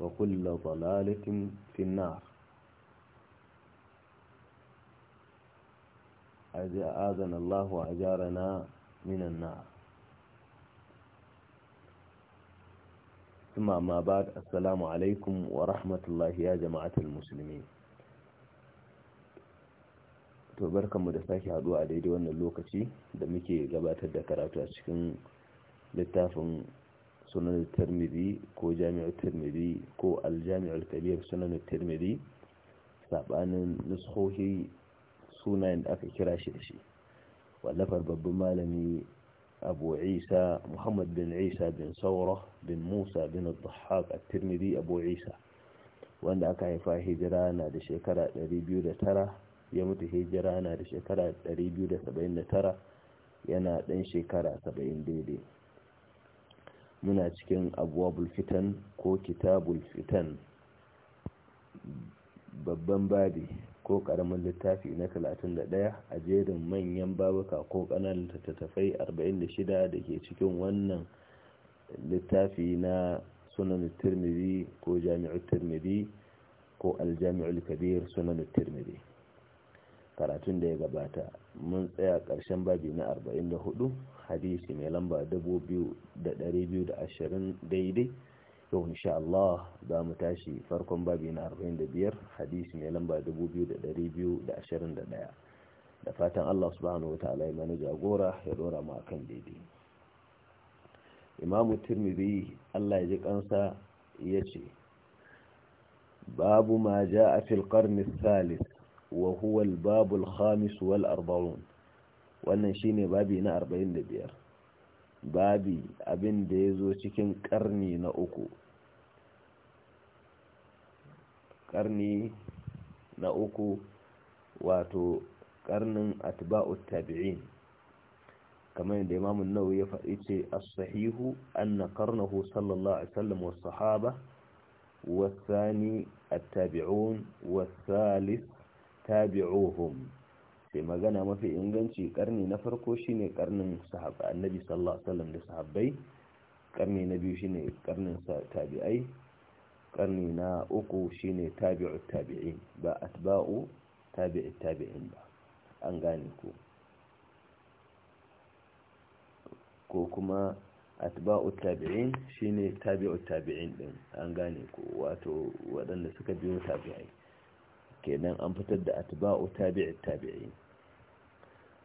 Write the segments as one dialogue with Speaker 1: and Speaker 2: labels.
Speaker 1: وكل ضلالة في النار آذن الله أجارنا من النار ثم ما بعد السلام عليكم ورحمة الله يا جماعة المسلمين to barkanmu da sake haduwa a daidai wannan lokaci da muke gabatar da karatu a cikin littafin sunan tirmidhi ko jami'ar tirmidhi ko aljami'ar kabir sunan tirmidhi sabanin nushohi sunayen da aka kira shi da shi wallafar babban malami abu isa muhammad bin isa bin saura bin musa bin al-dhahhak at abu isa wanda aka haifa hijira na da shekara 209 ya mutu hijira na da shekara 279 yana dan shekara 70 daidai muna cikin abuwabul fitan ko kitabul fitan babban babi ko karamin littafi na 31 a jerin manyan babuka ko kananan littattafai 46 da ke cikin wannan littafi na sunan tirmidhi ko jami'ul tirmidhi ko aljami'ul kabir sunan tirmidhi karatun da ya gabata mun tsaya ƙarshen babi na 44 hadisi mai lamba 2220 daidai yau insha Allah za mu tashi farkon babi na 45 hadisi mai lamba 2221 da fatan Allah subhanahu wa ta'ala ya mana jagora ya dora mu akan daidai imamu Tirmidhi Allah ya ji kansa ce. babu ma ja'a fil qarni thalith wa huwa al-babu al-khamis wal arba'un wannan shine babi na 45 babi abin da yazo cikin karni na uku karni na uku wato karnin atba'u tabi'in kamar yadda Imam an-Nawawi ya faɗi ce as-sahihu anna qarnahu sallallahu alaihi wasallam was-sahaba والثاني التابعون والثالث tabi'uhum sai magana mafi inganci karni na farko shine karnin sahaba annabi sallallahu alaihi wasallam da sahabbai karni na biyu shine karnin tabi'ai karni na uku shine tabi'u tabi'in ba atba'u tabi'i tabi'in ba an gane ku ko kuma atba'u tabi'in shine tabi'u tabi'in din an gane ku wato waɗanda suka biyo tabi'ai kenan an fitar da atba'u tabi'i tabi'in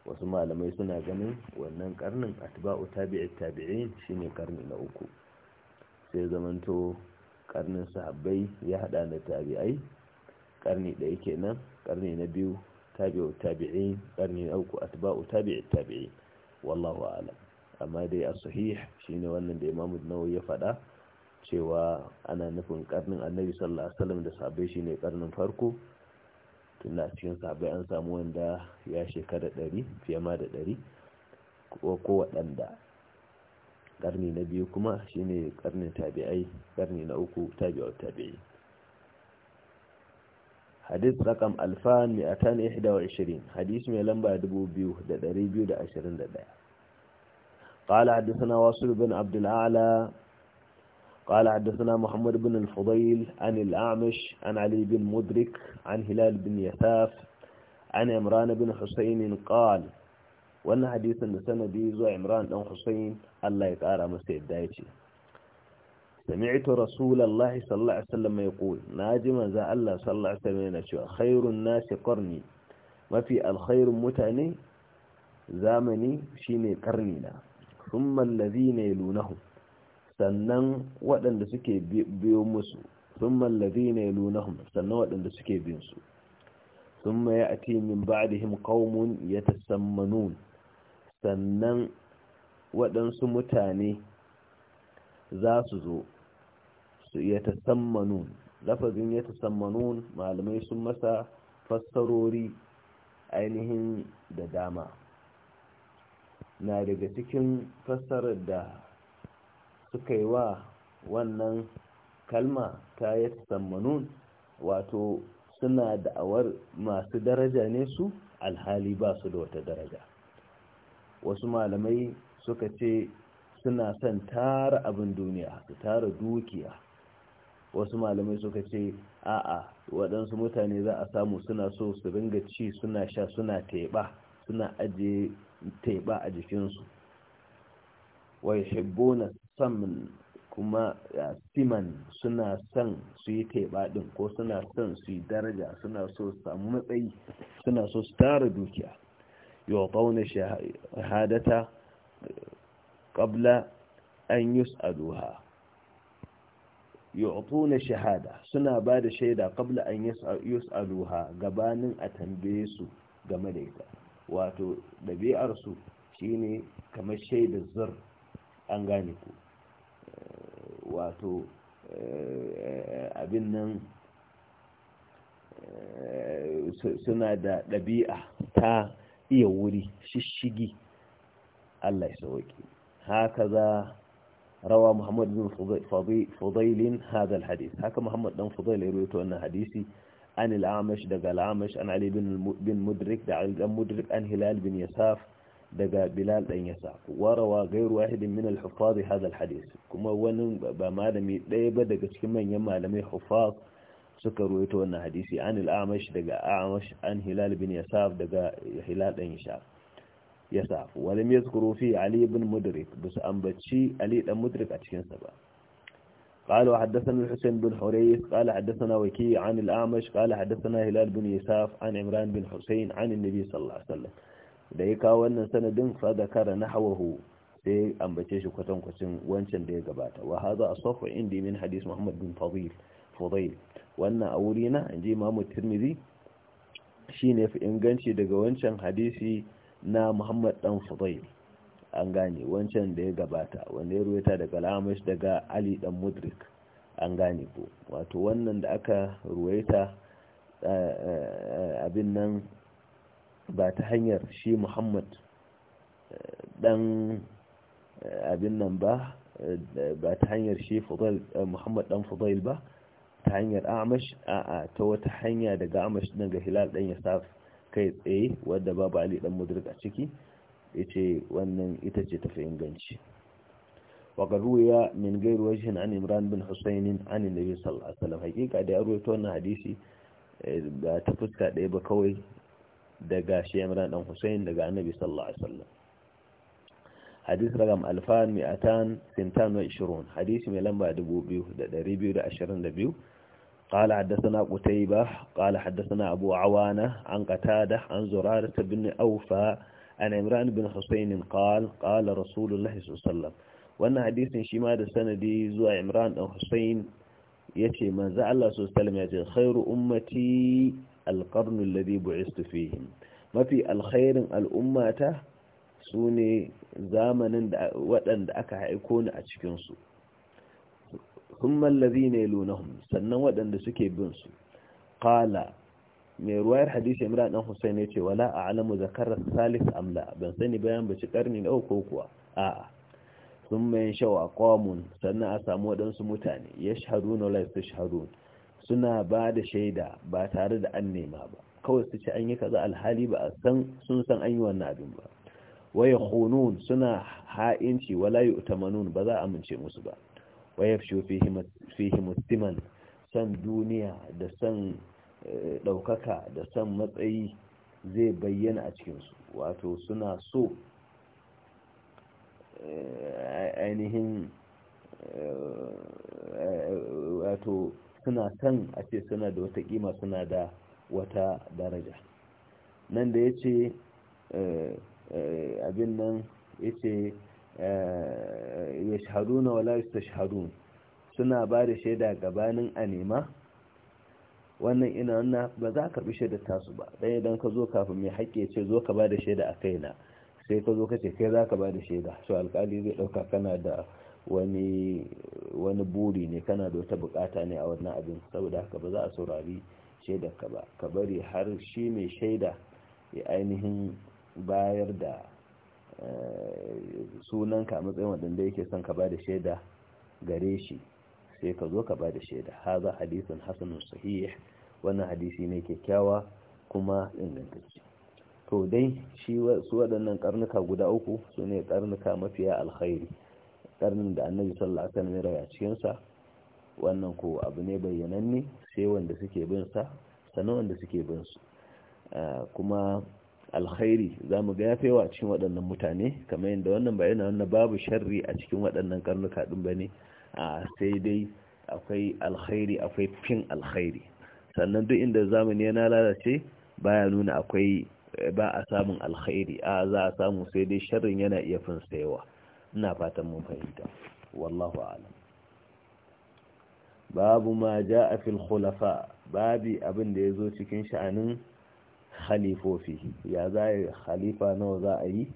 Speaker 1: wasu malamai suna ganin wannan karnin atba'u tabi'i tabi'in shine karni na uku sai zamanto karnin sahabbai ya hada da tabi'ai karni ɗaya kenan karni na biyu tabi'u tabi'in karni na uku atba'u tabi'i tabi'in wallahu a'lam amma dai a sahih shine wannan da imamu nawawi ya faɗa cewa ana nufin karnin annabi sallallahu alaihi wasallam da sahabbai shine karnin farko tunda a cikin sahabbai an samu wanda ya shekara ɗari fiye ma da ɗari ko waɗanda ƙarni na biyu kuma shine ƙarnin tabi'ai ƙarni na uku tabi'ar tabi'i hadith rakam alfan mi'atan ihda wa ashirin, hadith mai lamba dubu biyu da ɗari biyu da ashirin da ɗaya قال حدثنا واصل بن عبد الاعلى قال حدثنا محمد بن الفضيل عن الأعمش عن علي بن مدرك عن هلال بن يثاف عن عمران بن حسين قال wannan hadisin da sanadi zuwa imran dan husayn Allah ya kara masa yadda yace sami'tu rasulullahi sallallahu alaihi wasallam yaqul naji manzo Allah sallallahu alaihi wasallam yana cewa khairun nasi karni mafi alkhairun mutane zamani shine karni na thumma alladhina yalunahu sannan waɗanda suke biyo musu sun mallabi na ilunahun sannan waɗanda suke bin su sun maye a timin him kaumun ya tasammanun sannan waɗansu mutane za su zo su ya ta tasammanun lafazin ya ta tasammanun malamai sun masa fassarori ainihin da dama na daga cikin fassarar da suka yi wa wannan kalma ta yi sammanun wato suna da'awar masu daraja ne su alhali ba su da wata daraja wasu malamai suka ce suna son tara abin duniya su tara dukiya wasu malamai suka ce a'a waɗansu mutane za a samu suna so su ringa ci suna sha suna teɓa suna ajiye teɓa a jikinsu wai shabbonas son kuma siman suna son su yi taibadin, ko suna son su yi daraja suna so su samu matsayi suna so su tara dukiya yau ƙauna shahadata ƙabla an yi tsaduha yu'tuna shahada suna ba da shaida kabla an yus'aluha gabanin a tambaye su game da ita wato ɗabi'arsu shine kamar shaidar zur an gane ku wato eh, abin nan eh, suna da ɗabi'a ta iya wuri shishigi Allah ya sauki haka za rawa Muhammad bin Fudailin hada alhadis haka Muhammad dan Fudail ya rawaito wannan hadisi an al daga al-Amash an Ali bin Mudrik da Ali dan Mudrik an Hilal bin Yasaf دقى بلال أن يسعك وروا غير واحد من الحفاظ هذا الحديث كما ونن بمالمي لم دقى كما لم يحفاظ سكر ويتونا حديثي عن الأعمش دقى أعمش عن هلال بن يساف دقى هلال أن يشعك يسعف ولم يذكروا فيه علي بن مدرك بس أنبتشي علي بن مدرك أتشين سبا قالوا حدثنا الحسين بن حريث قال حدثنا وكي عن الأعمش قال حدثنا هلال بن يساف عن عمران بن حسين عن النبي صلى الله عليه وسلم da ya kawo wannan sanadin sadakara na hawahu sai ambace shi kwatankwacin wancan da ya gabata wa haza asafu indi min hadis muhammad bin fadil fadil wannan a wuri na inji imamu tirmidhi shine fi inganci daga wancan hadisi na muhammad dan fadil an gane wancan da ya gabata wanda ya ruwaita daga lamish daga ali dan mudrik an gane ko wato wannan da aka ruwaita eh, eh, abin nan ba ta hanyar shi muhammad eh, dan eh, abin nan ba eh, ba ta hanyar shi muhammad dan fudail ba ta hanyar amash a'a ta wata hanya daga amash din ga hilal dan yasaf kai tsaye wadda babu ali dan mudrik a ciki yace wannan ita ce tafi inganci وقد روي من غير وجه عن عمران بن حسين عن النبي صلى الله عليه وسلم حقيقة da ya ruwaito wannan hadisi ba ta fuska ɗaya ba kawai daga shi imran dan husain daga annabi sallallahu alaihi wasallam hadith ragam alfan mi'atan sintan wa ishirun hadisi mai lamba 2222 قال حدثنا قتيبة قال حدثنا أبو عوانة عن قتادة عن زرارة بن أوفى عن عمران بن حسين قال قال رسول الله صلى الله عليه وسلم wannan hadisin shi ma da sanadi zuwa imran dan hussein ya Allah ya ce khairu alƙarnu alladhi bu'istu fihim mafi alkhairin al'ummata su ne zamanin da waɗanda aka haiko ni a cikinsu sun mallazi ne lunahun sannan waɗanda suke bin su ƙala mai ruwayar hadisi imran ɗan husain ya ce wala a alamu zakarar salis amla ban sani bayan baci ƙarni na uku kuwa a'a sun mai shawa ƙwamun sannan a samu waɗansu mutane ya shaharun wala su shaharun suna ba da shaida ba tare da an nema ba kawai su ce an yi kaza alhali ba a san sun san an yi wannan abin ba waya khunun suna ha'inci wala yu'tamanun ba za a amince musu ba waya fihi mustiman san duniya da san daukaka eh, da san matsayi zai bayyana a cikinsu wato suna so eh, ainihin eh, wato suna son a ce suna da wata kima suna da wata daraja nan da ya ce eh, eh, abin nan ya ce eh, ya shahadu na wala ta shahadu suna ba da shaida gabanin a nema wannan ina wannan ba za ka bi shaida tasu ba ɗaya idan ka zo kafin mai haƙƙe ce zo ka ba da shaida a kai na sai ka zo ka ce kai za ka ba da shaida su alƙali zai ɗauka kana da wani wani buri ne kana da wata bukata ne a wannan abin saboda haka ba za a saurari ka ba ka bari har shi mai shaida ya ainihin bayar da eh, sunanka a matsayin wadanda yake son ka ba da shaida gare shi sai ka zo ka ba da shaida haza hadisin hasanun sahih wannan hadisi ne kyakkyawa kuma ingantacce to dai shi su waɗannan karnuka guda uku su ne karnuka mafiya alkhairi karnin da annabi sallallahu alaihi wasallam ya rayu a cikin sa wannan ko abu ne bayyananne sai wanda suke bin sa sanan wanda suke bin su kuma alkhairi zamu ga yafewa a cikin waɗannan mutane kamar yadda wannan yana wannan babu sharri a cikin waɗannan karnuka din bane a sai dai akwai alkhairi akwai fin alkhairi sannan duk inda zamani yana lalace baya nuna akwai ba a samun alkhairi a za a samu sai dai sharrin yana iya fin sayawa ina fatan mun fahimta wallahu a'lam babu ma ja'a fil khulafa babi abin da yazo cikin sha'anin khalifofi ya za khalifa nawa za a yi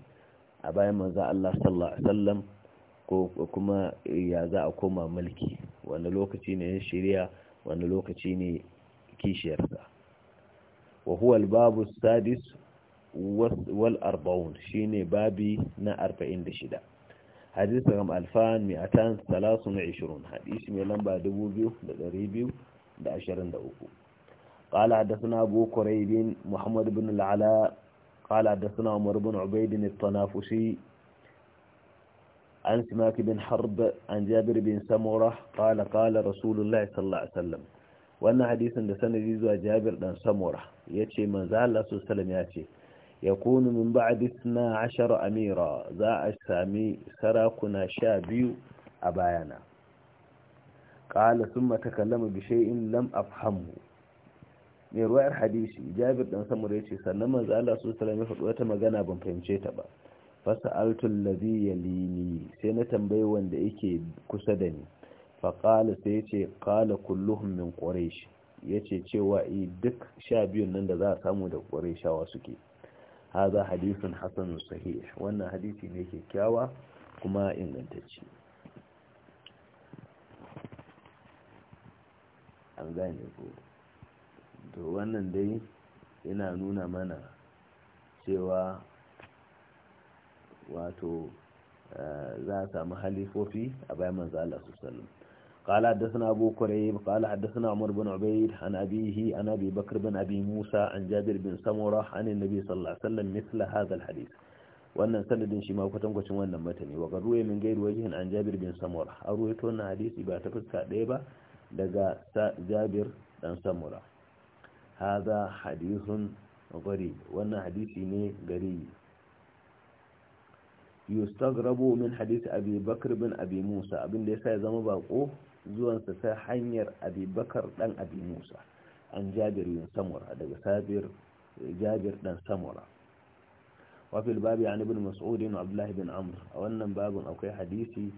Speaker 1: a bayan manzo Allah sallallahu alaihi wasallam ko kuma ya za a koma mulki wani lokaci ne shari'a wani lokaci ne kishiyarsa wa huwa al-babu sadis wal 40 shine babi na 46 حديث رقم alfan حديث talasun لمبا 2223 قال حدثنا ابو كريب محمد بن العلاء قال حدثنا عمر بن عبيد الطنافسي عن سماك بن حرب عن جابر بن سمرة قال قال رسول الله صلى الله عليه وسلم وأن حديثا لسنة جيزوا جابر بن سمرة يتشي من زال الله صلى الله عليه وسلم يتشي yakunu min ba'di 12 amira za a sami sarakuna sha biyu a bayana qala thumma takallama bi shay'in lam afhamhu ne ruwayar hadisi jabir dan samura yace sannan manzo Allah su sallallahu alaihi wasallam magana ban fahimce ta ba fasa'altu alladhi yalini sai na tambaye wanda yake kusa da ni fa qala sai yace qala kulluhum min quraish yace cewa i duk sha biyun nan da za a samu da qurayshawa suke haza hadisun hasanun sahih wannan hadisi ne kyakkyawa kuma ingantacce an gane ko to wannan dai yana nuna mana cewa wato za a samu halifofi a bayan manzo Allah sallallahu قال حدثنا أبو كريب قال حدثنا عمر بن عبيد عن أبيه عن أبي بكر بن أبي موسى عن جابر بن سمرة عن النبي صلى الله عليه وسلم مثل هذا الحديث wannan sanadin shi ma kwatankwacin wannan matani wa garuwa min gairu wajihin an jabir bin samura a ruwaito wannan hadisi ba ta fuska ɗaya ba daga jabir dan samura haza hadisun gari wannan hadisi ne gari rabo min hadisi abi bakr bin abi musa abinda ya zama bako zuwansa ta hanyar abubakar dan abi musa an jabir bin samura daga sabir jabir dan samura wafi albabi an ibn mas'ud ibn abdullah amr a wannan babin akwai hadisi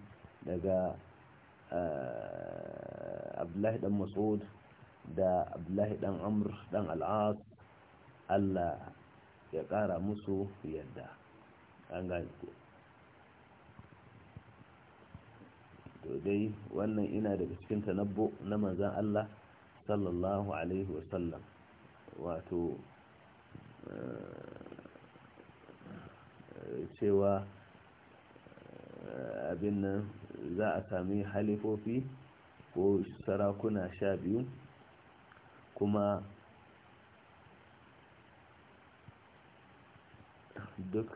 Speaker 1: daga eh, abdullah dan mas'ud da abdullah dan amr dan al'as Allah ya kara musu yadda an to dai wannan ina daga cikin tanabbu na manzan Allah sallallahu alaihi wasallam wato eh, cewa eh, abin nan za a sami halifofi ko sarakuna sha biyu kuma duk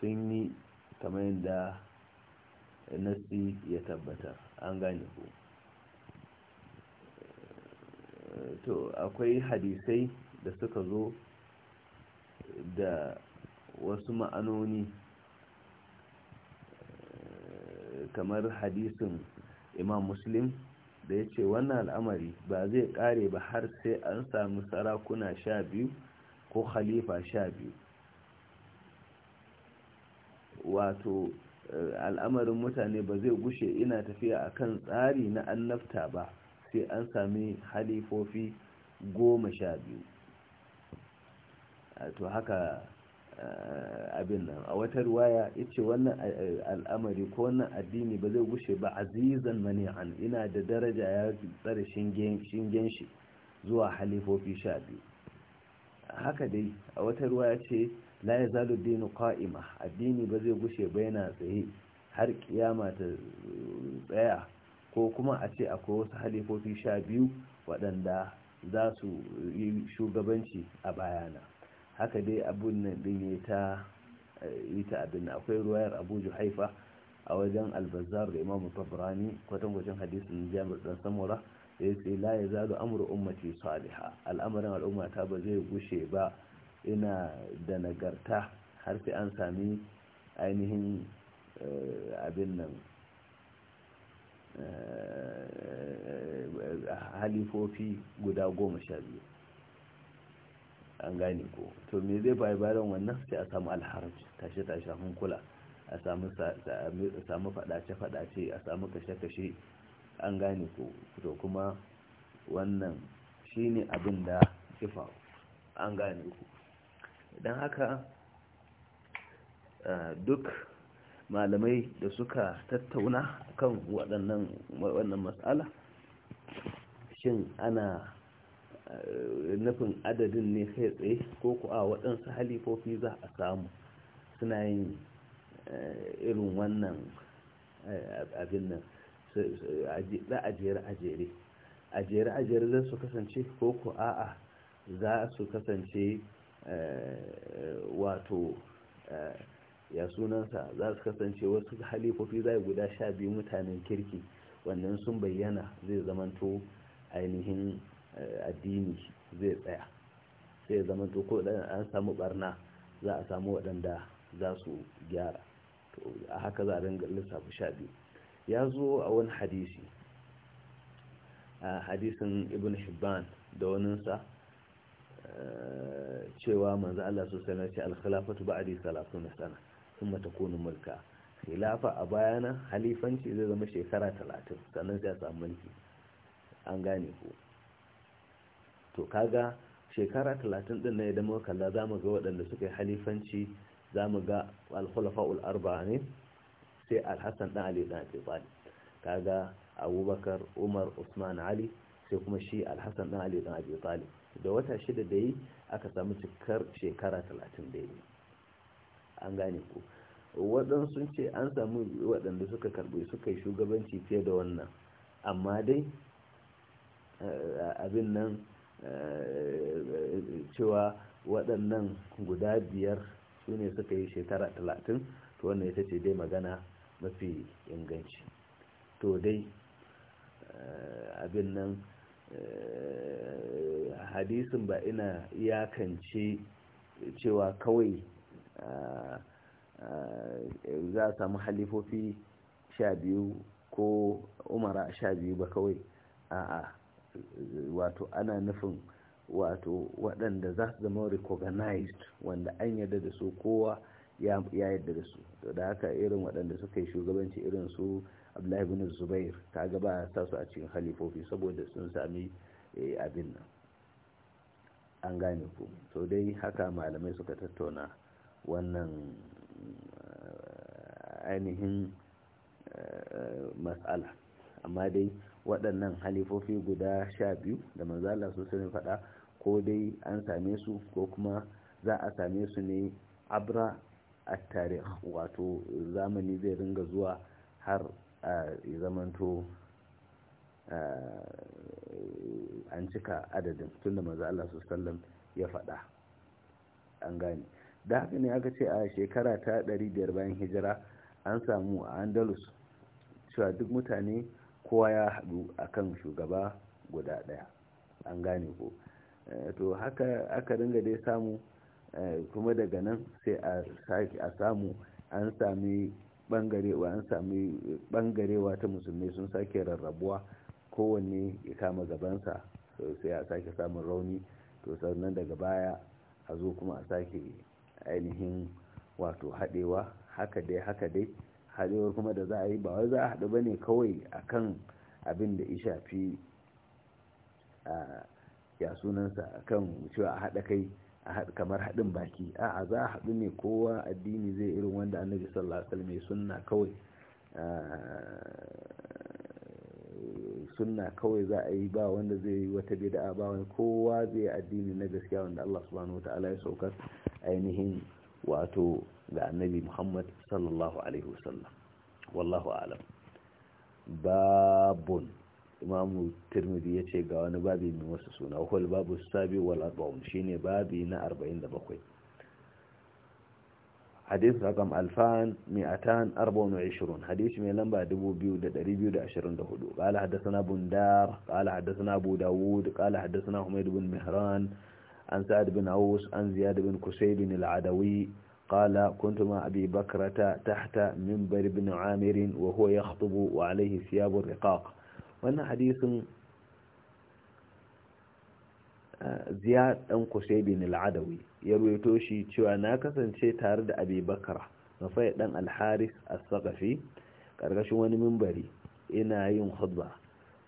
Speaker 1: sun yi kamar yadda nasi ya tabbata an gane ku to akwai hadisai da suka zo da wasu ma'anoni eh, kamar hadisin imam muslim da ya ce wannan al'amari ba zai kare ba har sai an sami sarakuna sha biyu ko khalifa sha biyu wato al'amarin mutane ba zai gushe ina tafiya akan tsari na annabta ba sai an sami halifofi goma sha biyu to haka eh, abin nan a wata ruwaya ce wannan eh, al'amari ko wannan addini ba zai gushe ba azizan mani'an ina da daraja ya tsare shingen shi zuwa halifofi sha biyu haka dai a wata ruwaya ce la ya zalu dinu qa'ima addini ba zai gushe ba yana tsaye har kiyama ta tsaya ko kuma a ce akwai wasu halifofi sha biyu waɗanda za su yi shugabanci a bayana haka dai abun nan din ya ta yi ta abin akwai ruwayar abu haifa a wajen albazar da imamu tabrani kwatankwacin hadisin jami'ar dan samura da ya ce la ya zalu amru ummati saliha al'amarin al'umma ta ba zai gushe ba ina da nagarta har sai an sami ainihin eh, abin nan eh, halifofi guda goma sha biyu an gane ko to me zai bayi bayan wannan sai a samu alharaj tashe tashe hankula a samu fadace fadace a samu kashe kashe an gane ko to kuma wannan shine abin da kifa an gane ku don haka eh, duk malamai da suka tattauna kan waɗannan matsala shin ana eh, nufin adadin ne kai tsaye ko kuwa waɗansu halifofi za a samu suna yin eh, irin wannan abin nan ajere-ajere ajere-ajere zai su kasance ko ku a'a za su kasance Eh, wato eh, ya sunansa za su kasance wasu halifofi zai guda sha biyu mutanen kirki wannan sun bayyana zai zamanto ainihin eh, addini zai tsaya sai zamanto ko an samu barna za a samu waɗanda za su gyara a haka za a ringa lissafi sha biyu ya zo a wani hadisi a hadisin ibn hibban da waninsa cewa manzo Allah sallallahu alaihi wasallam al-khilafatu ba'di 30 sana kuma kunu mulka khilafa a bayana halifanci zai zama shekara 30 sannan sai a samu mulki an gane ko to kaga shekara 30 din ne idan muka kalla zamu ga waɗanda suka yi halifanci zamu ga al-khulafa'ul arba'a ne sai al-hasan dan ali dan abi talib kaga abubakar umar usman ali sai kuma shi al-hasan dan ali dan abi talib da wata shida da yi aka samu cikar shekara talatin da yi an gane ku waɗansu ce an samu waɗanda suka karɓi suka yi shugabanci fiye da wannan amma dai eh, abin nan eh, cewa waɗannan guda biyar su ne suka yi shekara talatin to wannan ita ce dai magana mafi inganci to dai eh, abin nan hadisin ba ina iyakance cewa kawai za a samu halifofi sha biyu ko umara sha biyu ba kawai a'a wato ana nufin wato waɗanda za su zama recognized wanda an yarda da su kowa ya yarda da su to da haka irin waɗanda suka yi shugabanci irin su abdullahi bin zubair kaga ba sa su a cikin halifofi saboda sun sami eh, abin nan an gane ku to dai haka malamai suka tattauna wannan eh, ainihin eh, matsala amma dai waɗannan halifofi guda sha biyu da manzala sun sun faɗa ko dai an same su ko kuma za a same su ne abra a tarih wato zamani zai ringa zuwa har ya zamanto an cika adadin tun da maza Allah sallam ya fada an gane da haka ne aka ce a shekara ta 500 bayan hijira an samu a andalus cewa duk mutane kowa ya haɗu akan shugaba guda ɗaya an gane ko e, to haka aka ringa dai samu e, kuma daga nan sai a samu an sami bangarewa an sami bangarewa ta musulmai sun sake rarrabuwa kowanne ya kama gabansa sai a sake samun rauni to sannan daga baya a zo kuma a sake ainihin wato haɗewa haka dai haka dai haɗewar kuma da za a yi ba wai za a haɗu ba ne kawai a kan abin da ya shafi ya sunansa kan cewa a haɗa kai kamar haɗin baki a za a haɗu ne kowa addini zai irin wanda annabi sallallahu alaihi wasallam ya sunna kawai sunna kawai za a yi ba wanda zai yi wata bid'a ba wani kowa zai yi addini na gaskiya wanda Allah subhanahu ta'ala ya saukar ainihin wato ga annabi Muhammad sallallahu alaihi wasallam wallahu a'lam babun imamu turmidi ya ce ga wani babi mai wasu suna hul babu sabi wal arba'un shine babi na 47 hadith rakam alfan mi'atan arba'un wa ishirun hadith mai lamba 2224 qala haddathana bundar haddasa na abu dawud haddasa na humayd bin mihran an sa'ad bin aus an ziyad bin kusayd bin adawi قال كنت مع أبي بكرة تحت منبر بن عامر وهو يخطب وعليه ثياب الرقاق wannan hadisin eh, ziyad dan kusaybi al-adawi ya ruwaito shi cewa na kasance tare da abi bakara mafai dan al-haris as-saqafi karkashin wani mimbari ina yin khutba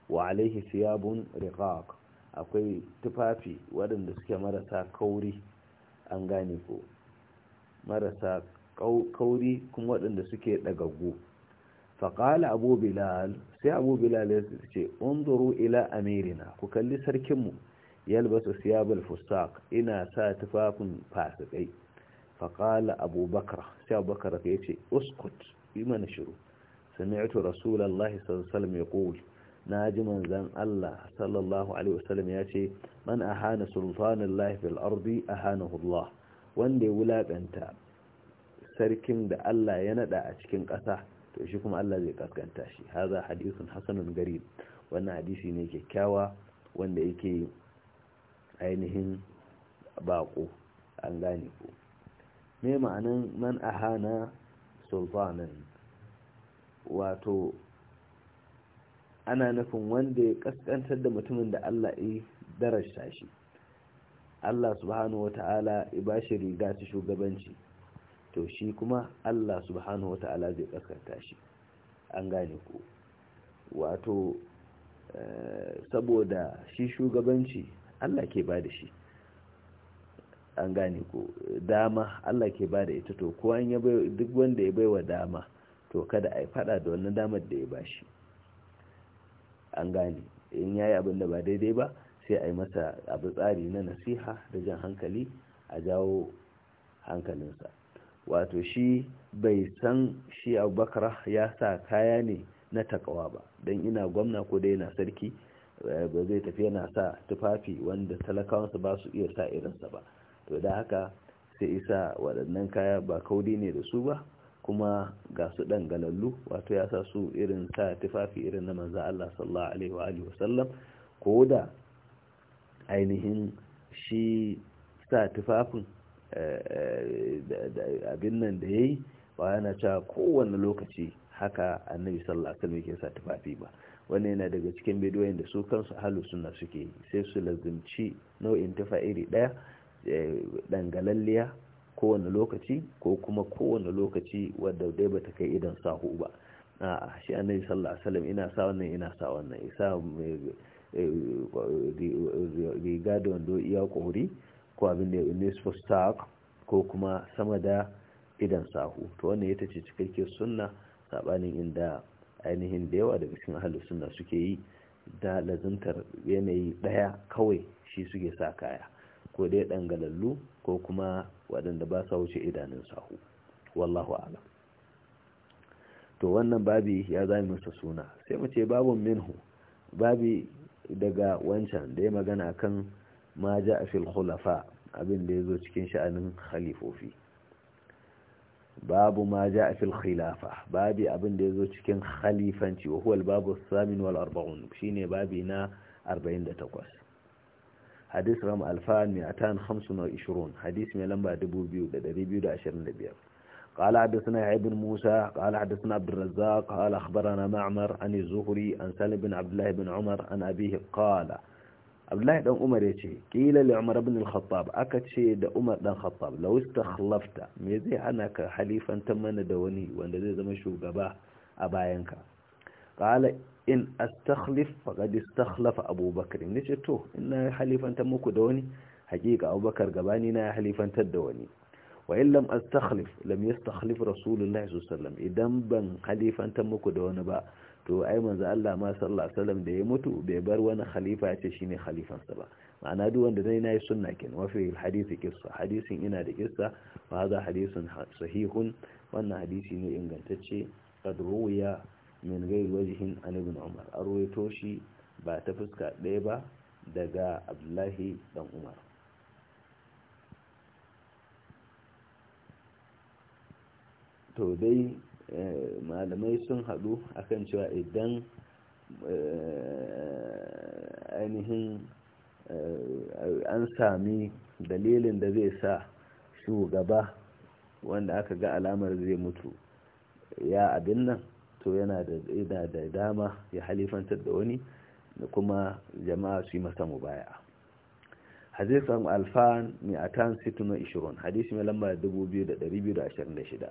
Speaker 1: wa alaihi siyabun riqaq akwai tufafi waɗanda suke marasa kauri an gane ko marasa kauri kuma waɗanda suke ɗagaggu faƙala abu bilal sai abu bilal ya ce unzuru ila amirina ku kalli sarkinmu yalbasu siyabul fusaq ina sa tufafin fasikai faƙala abu bakar sai abu bakar ya ce uskut yi mana shiru sami'atu rasulallah sallallahu ya kowai na ji manzan allah sallallahu alaihi wasallam ya ce man ahana sultanin lahifin ardi ahanahullah wanda ya wulaƙanta sarkin da allah ya naɗa a cikin ƙasa to shi kuma Allah zai kaskanta shi haza hadisun hasanun garib wannan hadisi ne kyakkyawa wanda yake ainihin bako an gane ko me ma'anan man ahana sultanan wato ana nufin wanda ya kaskantar da mutumin da Allah ya darasta shi Allah subhanahu wata'ala ya bashi riga ta shugabanci to shi kuma Allah subhanahu wata'ala zai kaskanta shi an gane ku wato eh, saboda shi shugabanci Allah ke ba da shi an gane ku dama Allah ke ba da ita to kowa duk wanda ya baiwa dama to kada a yi fada da wannan damar da ya ba shi an gane in yayi abin da ba daidai ba sai a yi masa abu tsari na nasiha da jan hankali a jawo hankalinsa wato shi bai san shi abubakar ya sa kaya ne na takawa ba don ina gwamna ko dai na sarki eh, ba zai tafi yana sa tufafi wanda talakawansa ba su iya sa irinsa ba to da haka sai isa waɗannan kaya ba kaudi ne da su ba kuma ga su ɗan galallu wato ya sa su irin sa tufafi irin na manza Allah sallallahu alaihi wa sallam ko da ainihin shi sa tufafin abin nan da ya yi ba yana cewa kowane lokaci haka annabi sallallahu alaihi wasallam yake sa tufafi ba Wani yana daga cikin bidiyoyin da su kansu halu sunna suke sai su lazimci nau'in tufa iri daya eh, dangalalliya kowane lokaci ko kuma kowane lokaci wadda dai bata kai idan sahu ba a'a shi annabi sallallahu alaihi wasallam ina sa wannan ina sa wannan isa eh, eh, riga da wando iya ƙori. ko abin da ya nisfu saq ko kuma sama da idan sahu to wannan ya tace cikakke sunna saɓanin inda ainihin da yawa da cikin ahlus sunna suke yi da lazimtar yanayi ɗaya kawai shi suke sa kaya ko dai ɗangalallu ko kuma waɗanda ba sa wuce idanun sahu wallahu a'lam to wannan babi ya zai masa suna sai mu ce minhu babi daga wancan da ya magana kan ma ja a fil khulafa abin da ya zo cikin sha'anin khalifofi babu ma ja a fil khilafa babi abin da ya zo cikin khalifanci wa huwal babu samin wal arba'un shine babi na 48 hadis ram alfan mai 225 hadis mai lamba 2225 قال حدثنا يحيى بن موسى قال حدثنا عبد الرزاق قال أخبرنا معمر عن الزهري عن سالم بن عبد الله بن عمر عن أبيه قال abdullahi dan umar ya ce kila li umar ibn al-khattab aka ce da umar dan khattab law istakhlafta me zai hana ka halifantar mana da wani wanda zai zama shugaba a bayanka qala in astakhlif faqad istakhlafa abubakar ne ce to ina halifantar muku da wani hakika abubakar gabani na halifantar da wani wa in lam astakhlif lam yastakhlif rasulullahi sallallahu alaihi wasallam idan ban halifantar muku da wani ba to ai manzo Allah ma sallallahu alaihi wasallam da ya mutu bai bar wani khalifa ya ce shine khalifansa ba ma'ana duk wanda zai nayi sunna kin wa fi hadisi kissa hadisin ina da kissa wa hadha hadisun sahihun wannan hadisi ne ingantacce qad ruwiya min ghairi wajhin an ibn umar arwayto shi ba ta fuska ɗaya ba daga abdullahi dan umar to dai Eh, malamai sun haɗu akan cewa idan eh, ainihin eh, an sami dalilin da zai sa shugaba wanda aka ga alamar zai mutu ya abin nan to yana da dama ya halifantar da wani da kuma jama'a su yi masa mubaya hadisun alfan 220 hadisi lamba 2226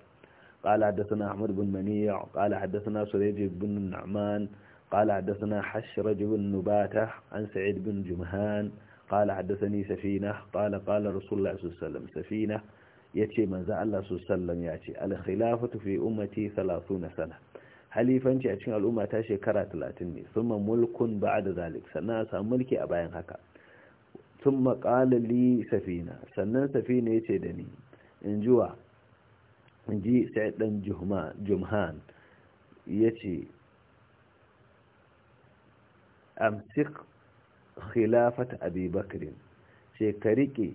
Speaker 1: قال حدثنا أحمد بن منيع قال حدثنا سريج بن النعمان قال حدثنا حشرج بن نباتة عن سعيد بن جمهان قال حدثني سفينة قال قال رسول الله صلى الله عليه وسلم سفينة يتي من ذا الله صلى الله عليه وسلم يأتي الخلافة في أمتي ثلاثون سنة halifanci a cikin al'umma ta shekara talatin ne sun mulkun ba da zalik sannan a samu mulki a bayan haka sun makalali safina sannan safina ya ce da ni in jiwa ji sai dan jumhan ya ce amsik khilafat abubakarin ce ka rike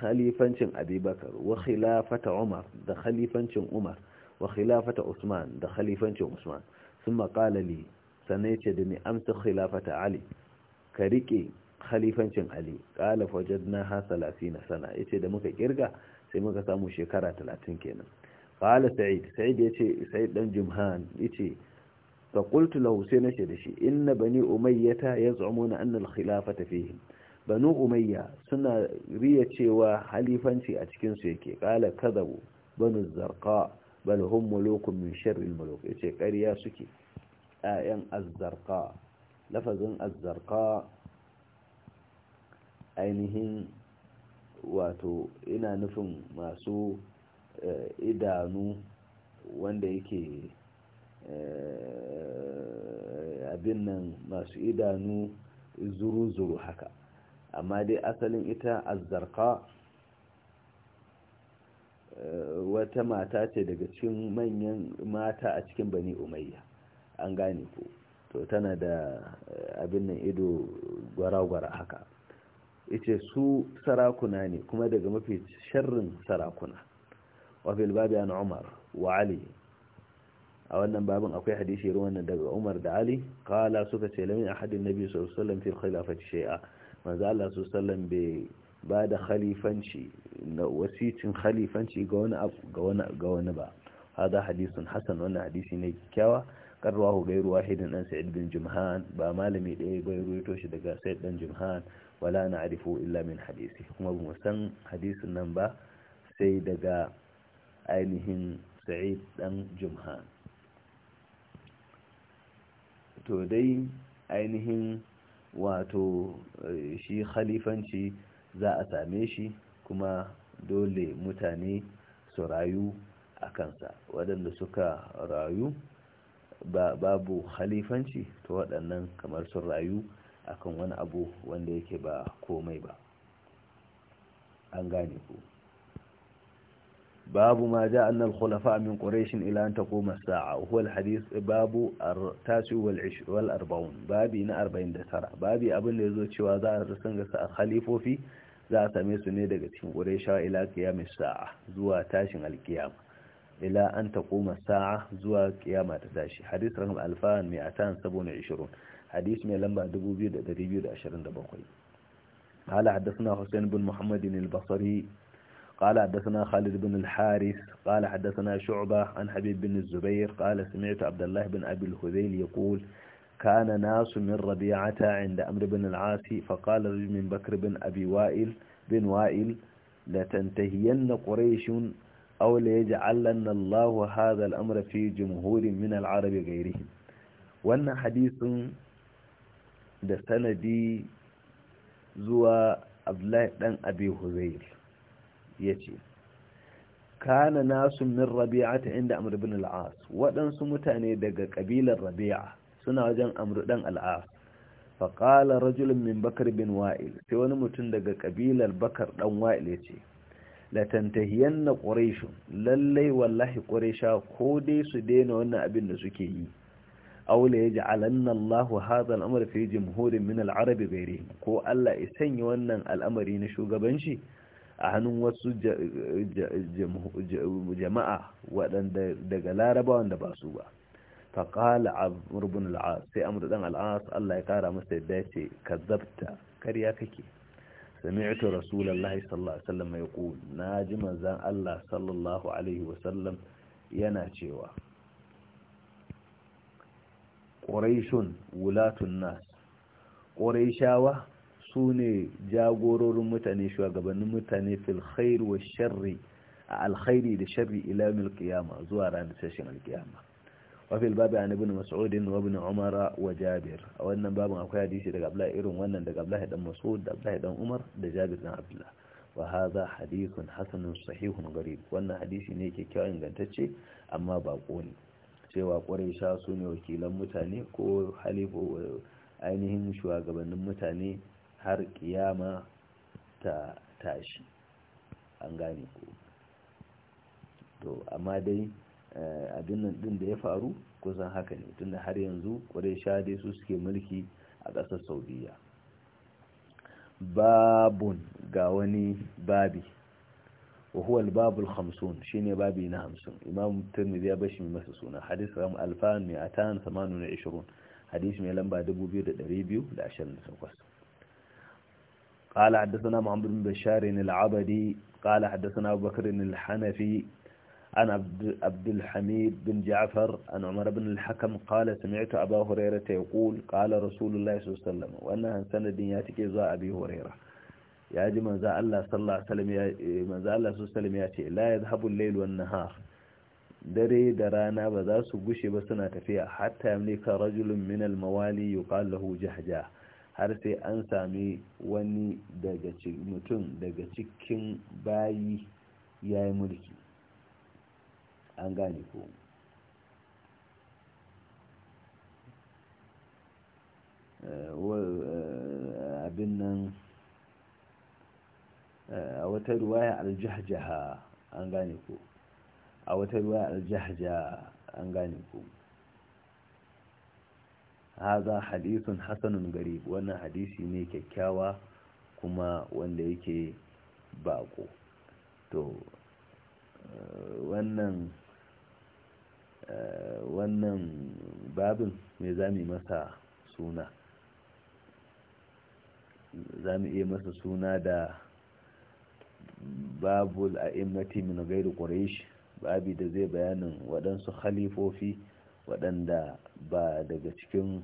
Speaker 1: khalifancin abubakar wa khilafata umar da khalifancin umar wa khilafata usman da khalifancin usman sun makalali sanai ce da ni amsa khilafata ali ka rike khalifancin ali ƙala fajar na ha sana ya ce da muka ƙirga sai muka samu shekara talatin kenan qala sa'id sa'id yace sa'id dan jumhan yace fa qultu lahu sai nace da shi inna bani umayyata yaz'umuna anna al-khilafata fihim banu umayya suna riya cewa halifanci a cikin su yake qala kadabu banu zarqa bal hum mulukun min sharri al-muluk yace ƙarya suke ayan az-zarqa lafazin az-zarqa ainihin wato ina nufin masu Eh, idanu wanda yake eh, abin nan masu idanu zuru-zuru haka amma dai asalin ita azzarka eh, wata mata ce daga cikin manyan mata a cikin bani umayya an gane ku to tana da abin nan ido gwara-gwara haka ita su sarakuna ne kuma daga mafi sharrin sarakuna wa babu babi an umar wa a wannan babin akwai hadisi irin wannan daga umar da ali kala suka ce lamin ahadin nabi sallallahu alaihi wasallam fil khilafati shay'a manzo Allah sallallahu alaihi wasallam bai da khalifanci na wasicin khalifanci ga wani ga wani ga wani ba hada hadisun hasan wannan hadisi ne kyakkyawa karwahu gairu wahidin dan sa'id bin jumhan ba malami ɗaya bai ruwaito shi daga sa'id dan jumhan wala na arifu illa min hadisi kuma ba san hadisi nan ba sai daga ainihin sa'id dan jumhan to dai ainihin wato eh, shi khalifanci za a same shi kuma dole mutane su rayu a kansa waɗanda suka rayu babu khalifanci to waɗannan kamar sun rayu akan wani abu wanda yake ba komai ba an gane ku باب ما جاء أن الخلفاء من قريش إلى أن تقوم الساعة وهو الحديث باب التاسع والعشر والأربعون بابي نا أربعين دسرة بابي أبن لزوج شوازا رسنجة خليفه في ذا تميس ندقة قريشا إلى قيام الساعة زوا تاشن القيامة إلى أن تقوم الساعة زوا قيامة تاشي حديث رقم ألفان مئتان سبون عشرون حديث من لما دبو بيد دريبيد عشرين دبقوي قال حدثنا حسين بن محمد البصري قال حدثنا خالد بن الحارث قال حدثنا شعبة عن حبيب بن الزبير قال سمعت عبد الله بن أبي الخذيل يقول كان ناس من ربيعة عند أمر بن العاص فقال رجل من بكر بن أبي وائل بن وائل لتنتهين قريش أو ليجعلن الله هذا الأمر في جمهور من العرب غيرهم وأن حديث ده سندي زوى عبد الله بن أبي هذيل ya ce kana nasu min rabi'a ta inda amr bin al'as waɗansu mutane daga ƙabilar rabi'a suna wajen amr ɗan al'as faƙala rajulun min bakar bin wa'il sai wani mutum daga ƙabilar bakar ɗan wa'il ya ce latantahiyan na ƙorashin lallai wallahi ƙuraisha ko dai su daina wannan abin da suke yi aula ya ja'alanna Allahu hadha al-amr fi jumhurin min al-arab ko Allah ya sanya wannan al'amari na shugabanci a hannun wasu jama'a waɗanda daga laraba da ba su ba faƙala a bin al'as sai amur ɗan al'as Allah ya ƙara masa yadda ya ce ka zabta karya kake sami sami'tu rasulullahi sallallahu alaihi wasallam ya na ji manzan Allah sallallahu alaihi wasallam yana cewa ƙuraishun wulatun nas ƙuraishawa su ne jagororin mutane shugabannin mutane fil khair wa sharri a alkhairi da sharri ila mil qiyama zuwa ranar tashin alkiyama wa fil babi an ibn mas'ud wa ibn umar wa jabir a wannan babin akwai hadisi daga Abdullahi irin wannan daga Abdullahi dan Mas'ud da Abdullahi dan Umar da Jabir dan Abdullah wa hadha hadithun hasanun sahihun gharib wannan hadisi ne kyau ingantacce amma ba ne cewa ƙwarai su ne wakilan mutane ko halifu eh, ainihin shugabannin mutane har kiyama ta tashi an gane ku to amma dai eh, abin nan din da ya faru kusan haka ne tunda har yanzu sha dai su suke mulki a ƙasar saudiya babun ga wani babi wahuwal babul hamsun shi ne babi na hamsun imam turmi ya bashi mai masa suna hadis ram alfa mai a ta'an samanu hadis mai lamba 2228 قال حدثنا محمد بن بشار العبدي قال حدثنا أبو بكر الحنفي عن عبد الحميد بن جعفر عن عمر بن الحكم قال سمعت أبا هريرة يقول قال رسول الله صلى الله عليه وسلم وأنها سند ياتك إذا أبي هريرة يا جي من ذا الله صلى الله عليه وسلم من ذا الله صلى الله عليه وسلم ياتي لا يذهب الليل والنهار دري درانا بذا ba بسنا تفيا حتى يملك رجل من الموالي يقال له جهجاه har sai an sami wani daga mutum daga cikin bayi ya yi mulki an gane ko eh, eh, abin nan eh, a wata ruwaya aljahjaha an gane ko a wata ruwaya aljahjaha an gane ko haza hadisin hasanun gari wannan hadisi ne kyakkyawa kuma wanda yake bako to wannan wannan babin mai zami masa suna za mu iya masa suna da babul a immati min gairu quraish babi da zai bayanin waɗansu khalifofi waɗanda ba daga cikin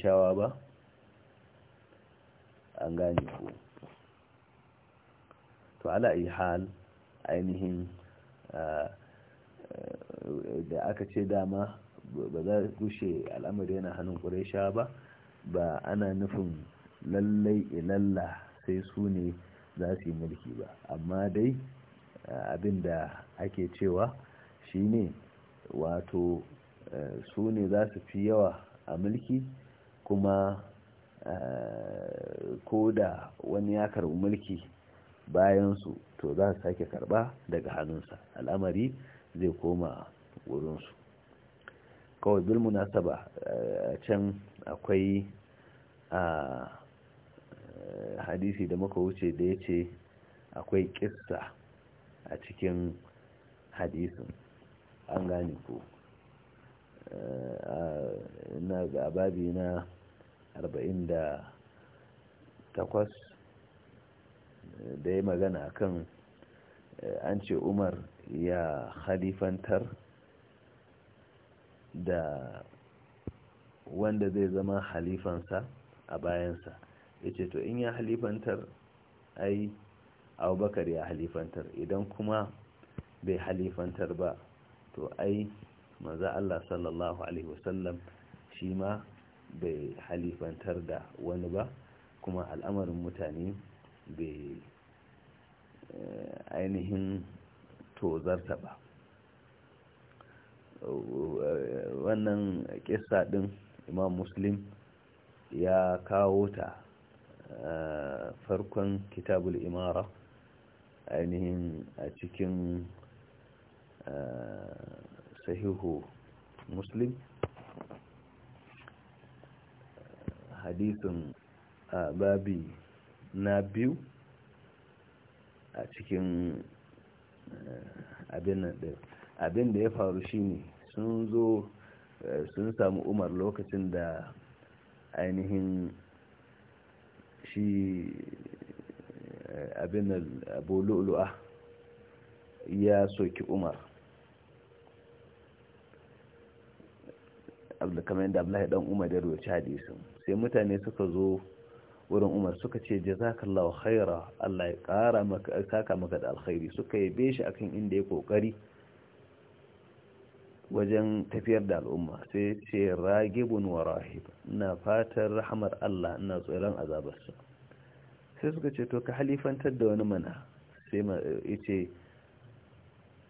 Speaker 1: shawa ba an gane ku to ala hal ainihin eh, da aka ce dama ba za gushe al'amari yana hannun shawa ba ba ana nufin lallai ilalla sai su ne za su yi mulki ba amma dai eh, abin da ake cewa shi ne wato su ne za su fi yawa a mulki kuma eh, ko da wani ya karbi mulki bayan su to za su sake karba daga hannunsa al'amari zai koma wurin su kawai bil munasaba a eh, can akwai a eh, hadisi da muka wuce da ya ce akwai kissa a cikin hadisin an gane ko na ga babi na 48 da ya magana akan eh, an ce umar ya khalifantar da wanda zai zama halifansa a bayansa ya ce to in ya halifantar ai abubakar ya halifantar idan kuma bai halifantar ba to ai maza Allah sallallahu alaihi wasallam shi ma bai halifantar da wani ba kuma al'amarin mutane bai eh, ainihin tozarta ba wannan kissa din imam muslim ya kawo ta eh, farkon kitabul imara ainihin a cikin eh, sahihu muslim hadisin a babi na biyu a cikin eh, abin da ya faru shine sun zo eh, sun samu umar lokacin da ainihin shi eh, abin abolu'ulu'a ya soki umar kamar yadda abdullahi dan umar ya rawaci hadisin sai mutane suka zo wurin umar suka ce jazakallahu khaira Allah ya kara maka saka maka da alkhairi suka yabe shi akan inda ya kokari wajen tafiyar da al'umma sai ce ragibun wa rahib ina fatan rahmar Allah ina tsoron azabarsa sai suka ce to ka halifantar da wani mana sai yace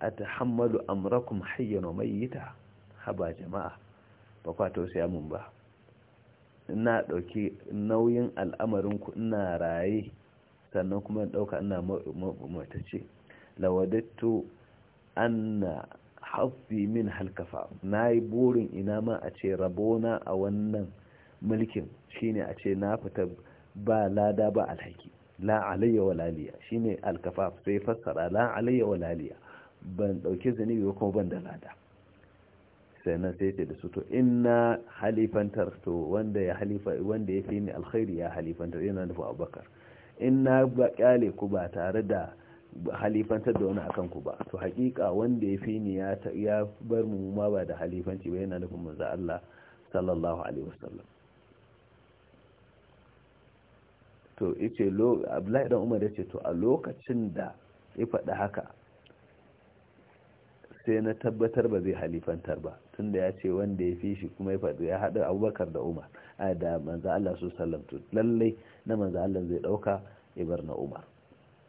Speaker 1: atahammalu amrakum hayyan wa mayyita haba jama'a ba kwa tausaya mun ba ina ɗauki nauyin al'amarin ku ina raye sannan kuma ɗauka ina matace lawadattu anna hafi min halkafa na yi burin ina ma a ce rabona a wannan mulkin shine a ce na fita ba lada ba alhaki la alayya wa laliya shine alkafa sai fassara la alayya wa laliya ban dauki zanibi ko ban da lada sannan sai ce da su to inna halifantar to wanda ya halifa wanda ya fi ni alkhairi ya halifantar yana nufin abubakar inna ba kyale ku ba tare da halifantar da wani akan ku ba to hakika wanda ya fi ni ya bar mu ma ba da halifanci ba yana nufin manzo Allah sallallahu alaihi wasallam to yace lo Abdullahi dan Umar yace to a lokacin da ya faɗi haka sai na tabbatar ba zai halifantar ba tun da ya ce wanda ya fi shi kuma ya faɗi ya haɗa abubakar da umar a da manzo Allah su sallam to lallai na manzo Allah zai ɗauka ya bar na umar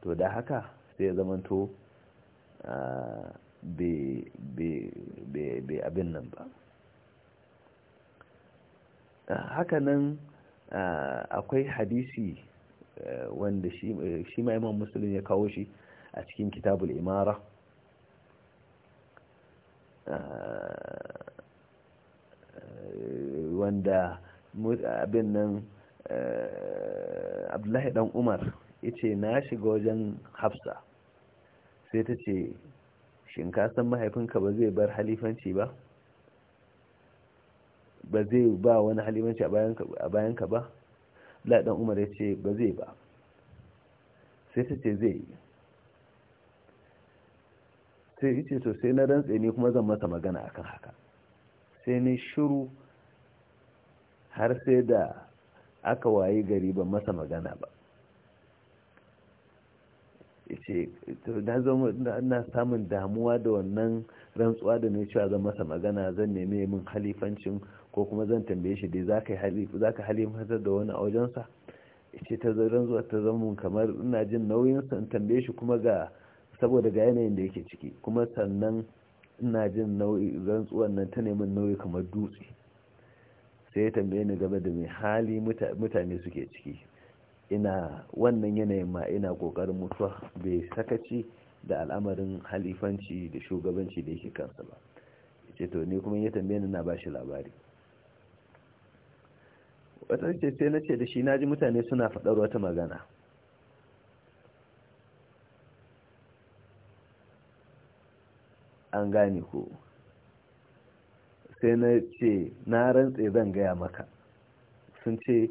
Speaker 1: to da haka sai ya zamanto bai abin nan ba hakanan akwai hadisi eh, wanda eh, shi ma imam musulun ya kawo shi a cikin kitabul imara Eh, wanda abin nan eh, abdullahi dan umar ya ce na shiga wajen hafsa sai ta ce shinkasan mahaifinka ba zai bar halifanci ba ba zai ba wani halifanci a bayanka ba ladan umar ya ce ba zai ba sai ta ce zai yi sai ice to sai na rantse ni kuma zan masa magana akan haka sai ni shiru har sai da aka wayi gari ban masa magana ba ce na samun damuwa da wannan rantsuwa da ne cewa zan masa magana zan neme min halifancin ko kuma zan tambaye shi dai za ka halifantar da wani a wajensa ce ta zaren zuwa ta zama kamar ina jin nauyinsa in tambaye shi kuma ga saboda ga yanayin da yake ciki kuma sannan ina jin nau'i rantsuwan nan ta neman nau'i kamar dutse sai ya tambaye ni game da mai hali mutane suke ciki ina wannan yanayin ma ina kokarin mutuwa bai sakaci da al'amarin halifanci da shugabanci da yake kansa ba ce to ni kuma ya tambaye ni na shi labari wata ce sai na ce da shi na ji mutane suna faɗar wata magana an gane ko sai na ce na rantse zan gaya maka sun ce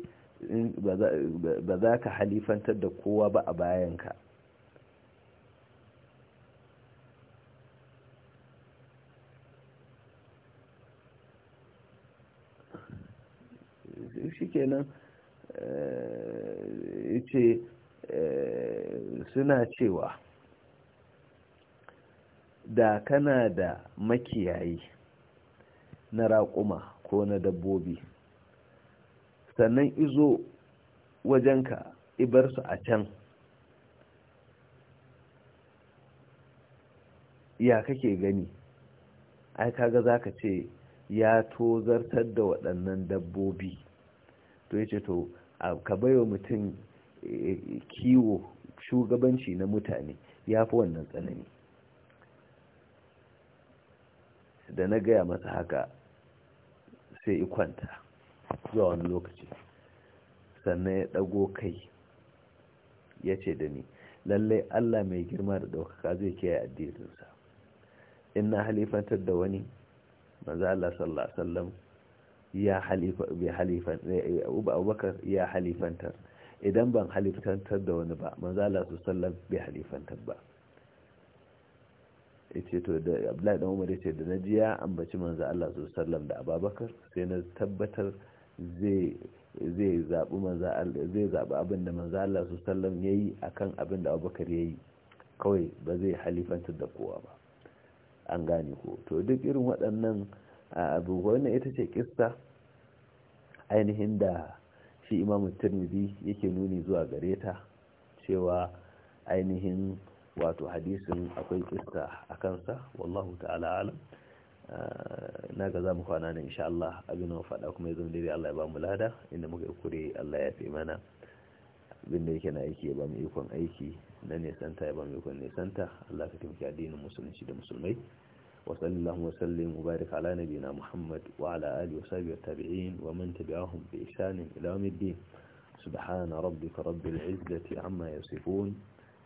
Speaker 1: ba za ka halifantar da kowa ba a bayanka shi kenan eh, ce eh, suna cewa da kana da makiyayi na raƙuma ko na dabbobi sannan izo wajenka ibar su a can ya kake gani ai kaga za ka ce ya tozartar da waɗannan dabbobi to ya ce to ka baiwa mutum eh, kiwo shugabanci na mutane ya fi wannan tsanani da na gaya masa haka sai ikonta zuwa wani lokaci sannan ya ɗago kai ya ce da ni lallai allah mai girma da ɗaukaka zai kiyaye addininsa in na halifantar da wani maza allah sallallahu alaihi wasallam ya halifa bi halifan abubakar ya halifantar idan ban halifantar da wani ba maza allah sallallahu alaihi wasallam bai halifantar ba ce to da Abdullahi dan Umar yace da na jiya ya ambaci manzo Allah sallam da Abubakar sai na tabbatar zai zaɓi zabi manzo Allah zai zabi abin da manzo Allah yayi akan abin da Abubakar yi kawai ba zai halifantar da kowa ba an gane ko to duk irin waɗannan abu wannan ita ce kista ainihin da shi imamu tirmidhi yake nuni zuwa gare ta cewa ainihin wato hadisin akwai kista a kansa wallahu ta'ala alam eh, na ga za mu kwana ne insha Allah abin da faɗa kuma ya zama daidai Allah ya ba mu lada inda muka yi kure Allah ya fi mana abin da yake na aiki ya ba mu ikon aiki na nesanta ya ba mu ikon nesanta Allah ka taimaki addinin musulunci da musulmai wa sallallahu wa sallim wa barik ala nabiyina Muhammad wa ala alihi wa sahbihi tabi'in wa man tabi'ahum bi ihsan ila yawmiddin subhana rabbika rabbil izzati amma yasifun